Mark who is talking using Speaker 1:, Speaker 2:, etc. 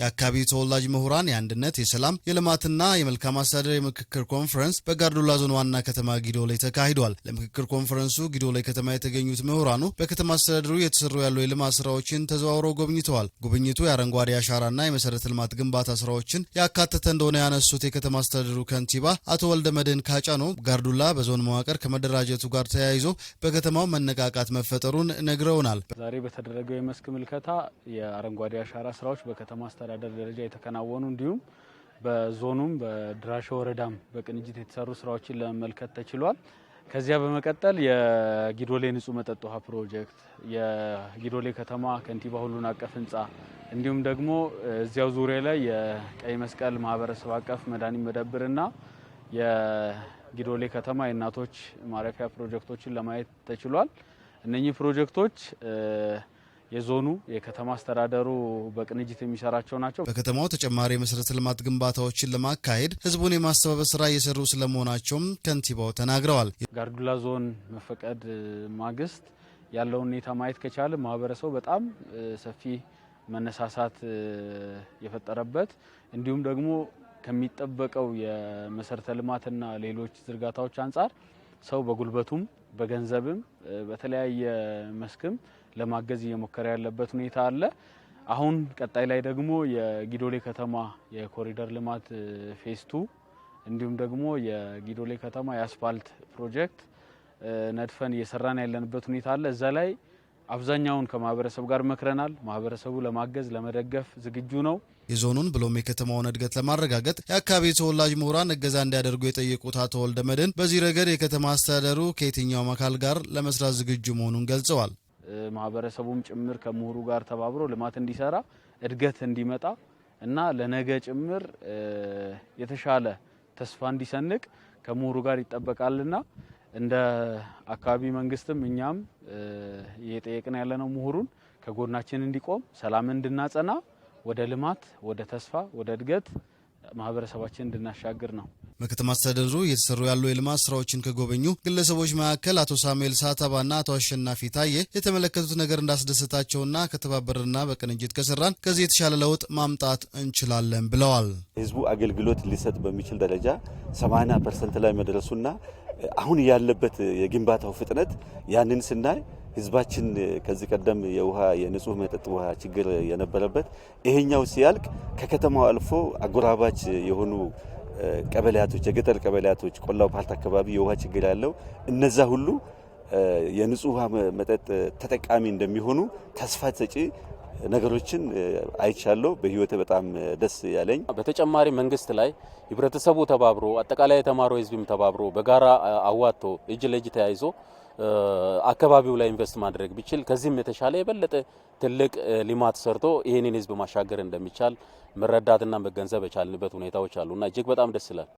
Speaker 1: የአካባቢ ተወላጅ ምሁራን የአንድነት የሰላም የልማትና የመልካም አስተዳደር የምክክር ኮንፈረንስ በጋርዱላ ዞን ዋና ከተማ ጊዶ ላይ ተካሂዷል። ለምክክር ኮንፈረንሱ ጊዶ ላይ ከተማ የተገኙት ምሁራኑ በከተማ አስተዳደሩ የተሰሩ ያሉ የልማት ስራዎችን ተዘዋውረው ጎብኝተዋል። ጉብኝቱ የአረንጓዴ አሻራና የመሰረተ ልማት ግንባታ ስራዎችን ያካተተ እንደሆነ ያነሱት የከተማ አስተዳደሩ ከንቲባ አቶ ወልደ መድህን ካጫኖ ጋርዱላ በዞን መዋቅር ከመደራጀቱ ጋር ተያይዞ በከተማው መነቃቃት መፈጠሩን ነግረውናል።
Speaker 2: ዛሬ በተደረገው የመስክ ምልከታ የአረንጓዴ አሻራ ስራዎች በከተማ አስተዳደር ደረጃ የተከናወኑ እንዲሁም በዞኑም በድራሻ ወረዳም በቅንጅት የተሰሩ ስራዎችን ለመመልከት ተችሏል። ከዚያ በመቀጠል የጊዶሌ ንጹህ መጠጥ ውሃ ፕሮጀክት፣ የጊዶሌ ከተማ ከንቲባ ሁሉን አቀፍ ህንፃ እንዲሁም ደግሞ እዚያው ዙሪያ ላይ የቀይ መስቀል ማህበረሰብ አቀፍ መድኃኒት መደብርና የጊዶሌ ከተማ የእናቶች ማረፊያ ፕሮጀክቶችን ለማየት ተችሏል። እነኚህ ፕሮጀክቶች የዞኑ የከተማ አስተዳደሩ በቅንጅት የሚሰራቸው ናቸው።
Speaker 1: በከተማው ተጨማሪ የመሰረተ ልማት ግንባታዎችን ለማካሄድ ህዝቡን የማስተባበር ስራ እየሰሩ ስለመሆናቸውም ከንቲባው ተናግረዋል።
Speaker 2: ጋርዱላ ዞን መፈቀድ ማግስት ያለውን ሁኔታ ማየት ከቻለ ማህበረሰቡ በጣም ሰፊ መነሳሳት የፈጠረበት እንዲሁም ደግሞ ከሚጠበቀው የመሰረተ ልማትና ሌሎች ዝርጋታዎች አንጻር ሰው በጉልበቱም በገንዘብም በተለያየ መስክም ለማገዝ እየሞከረ ያለበት ሁኔታ አለ። አሁን ቀጣይ ላይ ደግሞ የጊዶሌ ከተማ የኮሪደር ልማት ፌስ ቱ እንዲሁም ደግሞ የጊዶሌ ከተማ የአስፋልት ፕሮጀክት ነድፈን እየሰራን ያለንበት ሁኔታ አለ። እዛ ላይ አብዛኛውን ከማህበረሰቡ ጋር መክረናል። ማህበረሰቡ ለማገዝ ለመደገፍ ዝግጁ ነው።
Speaker 1: የዞኑን ብሎም የከተማውን እድገት ለማረጋገጥ የአካባቢ ተወላጅ ምሁራን እገዛ እንዲያደርጉ የጠየቁት አቶ ወልደ መድን በዚህ ረገድ የከተማ አስተዳደሩ ከየትኛውም አካል ጋር ለመስራት ዝግጁ መሆኑን ገልጸዋል።
Speaker 2: ማህበረሰቡም ጭምር ከምሁሩ ጋር ተባብሮ ልማት እንዲሰራ እድገት እንዲመጣ እና ለነገ ጭምር የተሻለ ተስፋ እንዲሰንቅ ከምሁሩ ጋር ይጠበቃልና እንደ አካባቢ መንግስትም እኛም እየጠየቅን ያለነው ምሁሩን ከጎናችን እንዲቆም ሰላም እንድናጸና ወደ ልማት፣ ወደ ተስፋ፣ ወደ እድገት ማህበረሰባችን እንድናሻግር ነው።
Speaker 1: በከተማ አስተዳደሩ እየተሰሩ ያሉ የልማት ስራዎችን ከጎበኙ ግለሰቦች መካከል አቶ ሳሙኤል ሳታባና አቶ አሸናፊ ታዬ የተመለከቱት ነገር እንዳስደሰታቸውና ከተባበርና በቅንጅት ከሰራን ከዚህ የተሻለ ለውጥ ማምጣት እንችላለን ብለዋል።
Speaker 3: ህዝቡ አገልግሎት ሊሰጥ በሚችል ደረጃ 80 ፐርሰንት ላይ መድረሱና አሁን ያለበት የግንባታው ፍጥነት ያንን ስናይ ህዝባችን ከዚህ ቀደም የውሃ የንጹህ መጠጥ ውሃ ችግር የነበረበት ይሄኛው ሲያልቅ ከከተማው አልፎ አጎራባች የሆኑ ቀበሌያቶች የገጠር ቀበሌያቶች ቆላው ፓርት አካባቢ የውሃ ችግር ያለው እነዛ ሁሉ የንጹህ ውሃ መጠጥ ተጠቃሚ እንደሚሆኑ ተስፋ ሰጪ ነገሮችን አይቻለሁ። በህይወቴ በጣም ደስ ያለኝ።
Speaker 2: በተጨማሪ መንግስት ላይ ህብረተሰቡ ተባብሮ አጠቃላይ የተማረው ህዝብም ተባብሮ በጋራ አዋጥቶ እጅ ለእጅ ተያይዞ አካባቢው ላይ ኢንቨስት ማድረግ ቢችል ከዚህም የተሻለ የበለጠ ትልቅ ልማት ሰርቶ ይህንን ህዝብ ማሻገር እንደሚቻል መረዳትና መገንዘብ የቻልንበት ሁኔታዎች እና እጅግ በጣም ደስ ይላል።